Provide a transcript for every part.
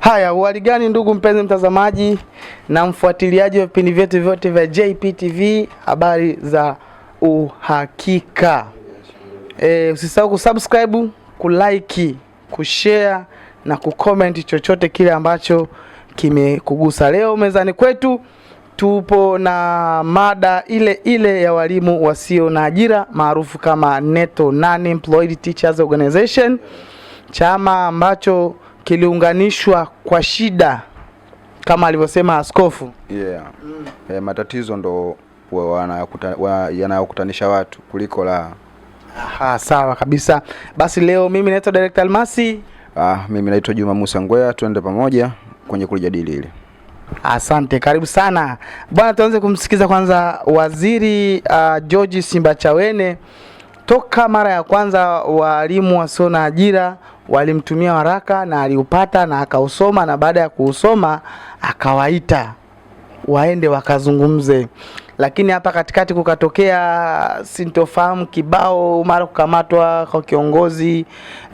Haya, uhali gani ndugu mpenzi mtazamaji na mfuatiliaji wa vipindi vyetu vyote vya JPTV, habari za uhakika. E, usisahau kusubscribe, kulike, kushare na kucomment chochote kile ambacho kimekugusa. Leo mezani kwetu tupo na mada ile ile ya walimu wasio na ajira maarufu kama NETO, Non Employed Teachers Organization, chama ambacho kiliunganishwa kwa shida kama alivyosema askofu yeah. Mm. E, matatizo ndo yanayokutanisha watu kuliko la. Aha, sawa kabisa. Basi leo mimi naitwa Director Almasi. Ah, mimi naitwa Juma Musa Ngwea, tuende pamoja kwenye kulijadili hili. Asante, karibu sana bwana. Tuanze kumsikiza kwanza Waziri uh, George Simbachawene Toka mara ya kwanza walimu wasio na ajira walimtumia waraka na aliupata na akausoma, na baada ya kuusoma akawaita waende wakazungumze lakini hapa katikati kukatokea sintofahamu kibao, mara kukamatwa kwa kiongozi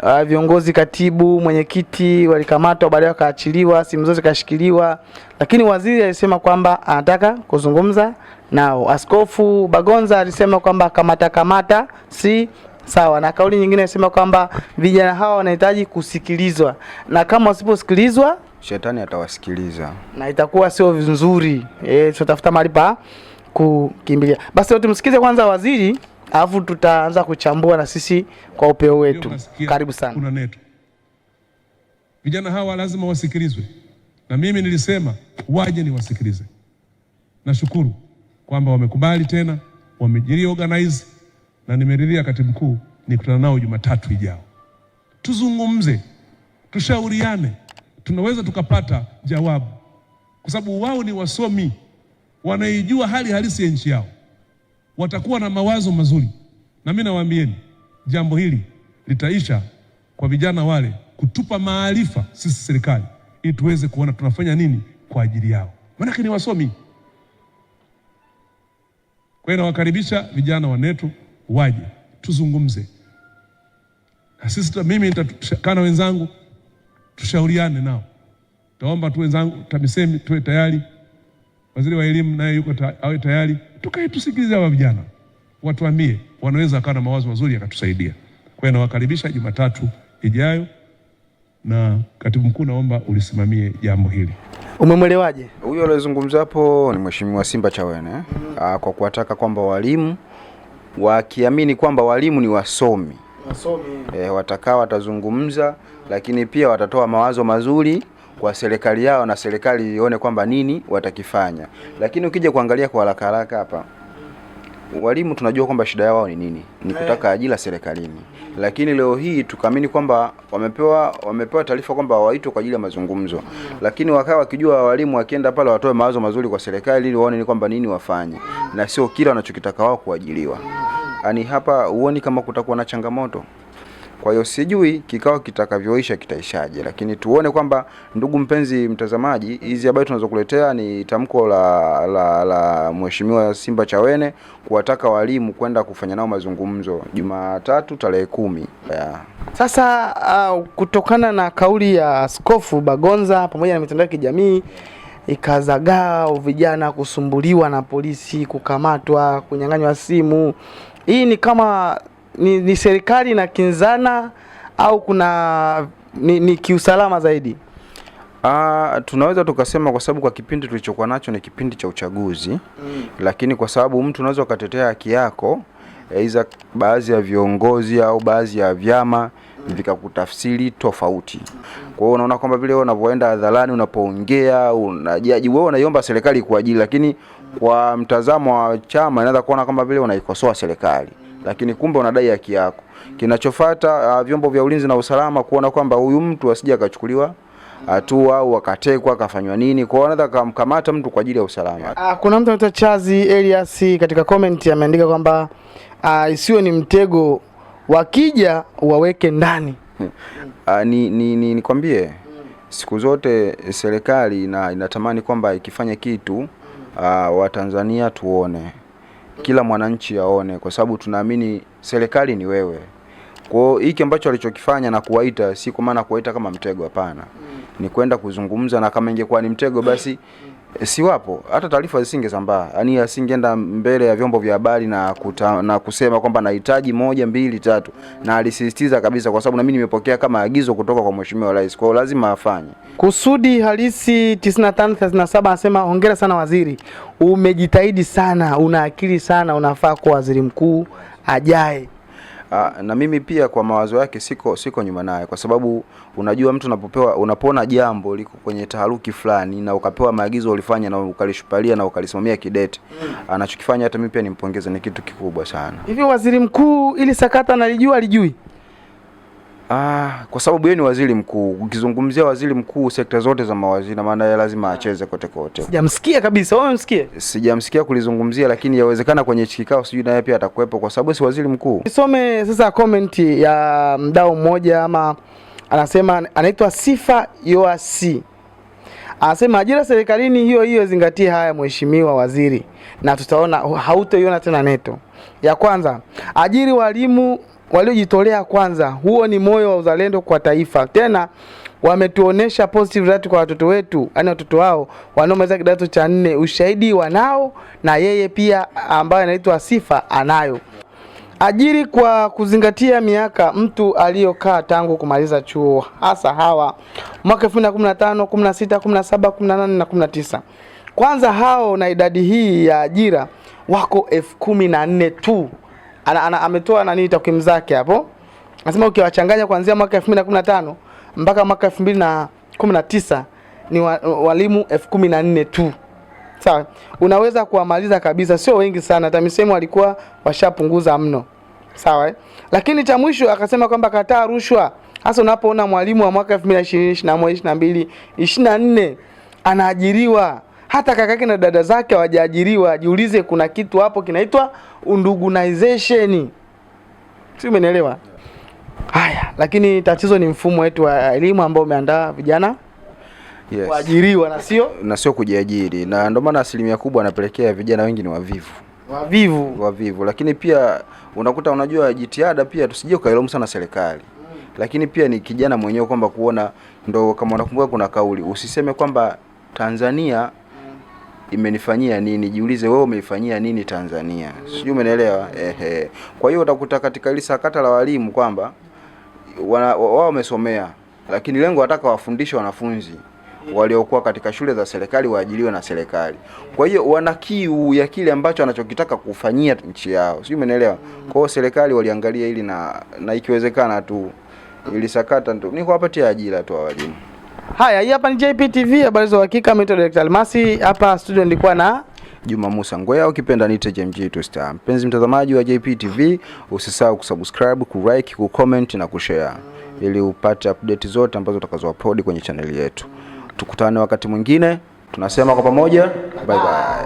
uh, viongozi, katibu, mwenyekiti walikamatwa, baadaye wakaachiliwa, simu zote zikashikiliwa, lakini waziri alisema kwamba anataka kuzungumza nao. Askofu Bagonza alisema kwamba kamata kamata si sawa na kauli nyingine inasema kwamba vijana hawa wanahitaji kusikilizwa, na kama wasiposikilizwa shetani atawasikiliza na itakuwa sio vizuri. E, tutatafuta mahali pa kukimbilia. Basi tumsikize kwanza waziri, alafu tutaanza kuchambua na sisi kwa upeo wetu. Karibu sana. Kuna neto. Vijana hawa lazima wasikilizwe, na mimi nilisema waje niwasikilize. Nashukuru kwamba wamekubali tena, wamejiorganize na nimeridhia, katibu mkuu, nikutana nao Jumatatu ijao, tuzungumze, tushauriane, tunaweza tukapata jawabu, kwa sababu wao ni wasomi wanaijua hali halisi ya nchi yao, watakuwa na mawazo mazuri, na mimi nawaambieni jambo hili litaisha kwa vijana wale kutupa maarifa sisi serikali, ili tuweze kuona tunafanya nini kwa ajili yao, maanake ni wasomi. Kwa hiyo nawakaribisha vijana wanetu waje tuzungumze na sisi. Mimi nitakana wenzangu tushauriane nao, taomba tu wenzangu TAMISEMI tuwe tayari waziri wa elimu naye yuko ta, awe tayari, tukae tusikilize hawa vijana watuambie, wanaweza akawa na mawazo mazuri yakatusaidia. Kwa hiyo nawakaribisha Jumatatu ijayo, na katibu mkuu, naomba ulisimamie jambo hili. Umemwelewaje huyo aliyezungumza hapo? Ni mheshimiwa Simba Chawene mm -hmm. kwa kuwataka kwamba walimu wakiamini kwamba walimu ni wasomi wasomi, eh, watakaa watazungumza, lakini pia watatoa mawazo mazuri kwa serikali yao na serikali ione kwamba nini watakifanya. Lakini ukija kuangalia kwa haraka haraka hapa, walimu tunajua kwamba shida yao ni nini, ni eh. kutaka ajira serikalini. Lakini leo hii tukaamini kwamba wamepewa wamepewa taarifa kwamba waitwe kwa ajili ya mazungumzo, lakini wakawa wakijua walimu wakienda pale watoe mawazo mazuri kwa serikali ili waone ni kwamba nini wafanye, na sio kila wanachokitaka wao kuajiliwa. Yaani hapa huoni kama kutakuwa na changamoto? Kwa hiyo sijui kikao kitakavyoisha kitaishaje, lakini tuone kwamba, ndugu mpenzi mtazamaji, hizi habari tunazokuletea ni tamko la, la, la Mheshimiwa Simba Chawene kuwataka walimu kwenda kufanya nao mazungumzo Jumatatu tarehe kumi. Yeah. Sasa uh, kutokana na kauli ya Askofu Bagonza pamoja na mitandao ya kijamii ikazagaa vijana kusumbuliwa na polisi, kukamatwa, kunyang'anywa simu. Hii ni kama ni, ni serikali kinzana au kuna ni, ni kiusalama zaidi? Uh, tunaweza tukasema kwa sababu kwa kipindi tulichokuwa nacho ni kipindi cha uchaguzi mm. Lakini kwa sababu mtu unaweza ukatetea haki yako eh, iza baadhi ya viongozi au baadhi ya vyama mm. vikakutafsiri tofauti mm. Kwa hiyo unaona kwamba vile wewe unavyoenda hadharani, unapoongea, unajaji wewe unaiomba serikali kwa ajili, lakini mm. kwa mtazamo wa chama inaweza kuona kwamba vile unaikosoa serikali lakini kumbe unadai haki yako. Kinachofuata uh, vyombo vya ulinzi na usalama kuona kwamba huyu mtu asije akachukuliwa hatua au akatekwa akafanywa nini, kwa wanaweza kumkamata mtu kwa ajili ya usalama. Uh, kuna mtu anaitwa Chazi Elias katika comment ameandika kwamba uh, isiwe ni mtego, wakija waweke ndani. Uh, ni ni nikwambie ni siku zote serikali inatamani kwamba ikifanya kitu uh, Watanzania tuone kila mwananchi aone, kwa sababu tunaamini serikali ni wewe. Kwa hiyo hiki ambacho alichokifanya na kuwaita, si kwa maana kuwaita kama mtego, hapana, mm. ni kwenda kuzungumza, na kama ingekuwa ni mtego basi mm si wapo, hata taarifa zisingesambaa, yaani asingeenda mbele ya vyombo vya habari na, kuta, na kusema kwamba nahitaji moja mbili tatu, na alisisitiza kabisa, kwa sababu na mimi nimepokea kama agizo kutoka kwa Mheshimiwa Rais, kwa hiyo lazima afanye. Kusudi halisi 95 37 anasema hongera sana waziri, umejitahidi sana, una akili sana, unafaa kuwa waziri mkuu ajaye. Ah, na mimi pia kwa mawazo yake siko siko nyuma naye, kwa sababu unajua mtu unapopewa unapona jambo liko kwenye taharuki fulani na ukapewa maagizo ulifanya na ukalishupalia na ukalisimamia kidete mm. Anachokifanya hata mimi pia nimpongeze, ni kitu kikubwa sana. Hivi waziri mkuu ili sakata nalijua alijui? Ah, kwa sababu yeye ni waziri mkuu. Ukizungumzia waziri mkuu, sekta zote za mawaziri, maana yeye lazima acheze kote kote. Sijamsikia kabisa. Wewe umsikie? Sijamsikia kulizungumzia, lakini yawezekana kwenye kikao, sijui naye pia atakuwepo, kwa sababu si waziri mkuu. Nisome sasa comment ya mdau mmoja, ama anasema, anaitwa Sifa Yoasi anasema ajira serikalini hiyo hiyo, zingatie haya mheshimiwa waziri, na tutaona hautoiona tena NETO. Ya kwanza, ajiri walimu waliojitolea kwanza, huo ni moyo wa uzalendo kwa taifa. Tena wametuonesha positive result kwa watoto wetu, yani watoto wao wanaomaliza kidato cha nne, ushahidi wanao na yeye pia ambaye anaitwa Sifa anayo. Ajiri kwa kuzingatia miaka mtu aliyokaa tangu kumaliza chuo, hasa hawa mwaka 2015, 16, 17, 18 na 19. Kwanza hao na idadi hii ya ajira wako elfu kumi na nne tu ana, ana, ametoa nani takwimu zake hapo, anasema ukiwachanganya kuanzia mwaka 2015 mpaka mwaka 2019 ni wa, walimu elfu kumi na nne tu. Sawa, unaweza kuwamaliza kabisa, sio wengi sana. TAMISEMI walikuwa washapunguza mno. Sawa, eh? lakini cha mwisho akasema kwamba kataa rushwa, hasa unapoona mwalimu wa mwaka 2021 22 24 anaajiriwa hata kakake na dada zake hawajaajiriwa, jiulize, kuna kitu hapo kinaitwa undugunization, si umenielewa? Haya, lakini tatizo ni mfumo wetu wa elimu ambao umeandaa vijana yes, kuajiriwa na sio na sio kujiajiri, na ndio maana asilimia kubwa anapelekea vijana wengi ni wavivu wavivu wavivu. Lakini pia unakuta, unajua jitihada pia tusije ukailaumu sana serikali Lakini pia ni kijana mwenyewe kwamba kuona, ndo kama unakumbuka, kuna kauli usiseme kwamba Tanzania imenifanyia nini? Jiulize wewe umeifanyia nini Tanzania? Sijui umeelewa? Ehe. Kwa hiyo utakuta katika ile sakata la walimu kwamba wao wamesomea, lakini lengo wataka wafundishe wanafunzi waliokuwa katika shule za serikali waajiliwe na serikali. Kwa hiyo wana kiu ya kile ambacho anachokitaka kufanyia nchi yao, sijui umeelewa? Kwa hiyo serikali waliangalia ili na na ikiwezekana tu ilisakata tu ni kuwapatia ajira tu walimu. Haya, hii hapa ni JPTV habari za uhakika. Mimi Dr. Almasi hapa studio, nilikuwa na Juma Musa Ngwea, ukipenda niite JMG to star. Mpenzi mtazamaji wa JPTV, usisahau kusubscribe, kulike, kucomment na kushare ili upate update zote ambazo upload kwenye chaneli yetu. Tukutane wakati mwingine, tunasema kwa pamoja, bye bye.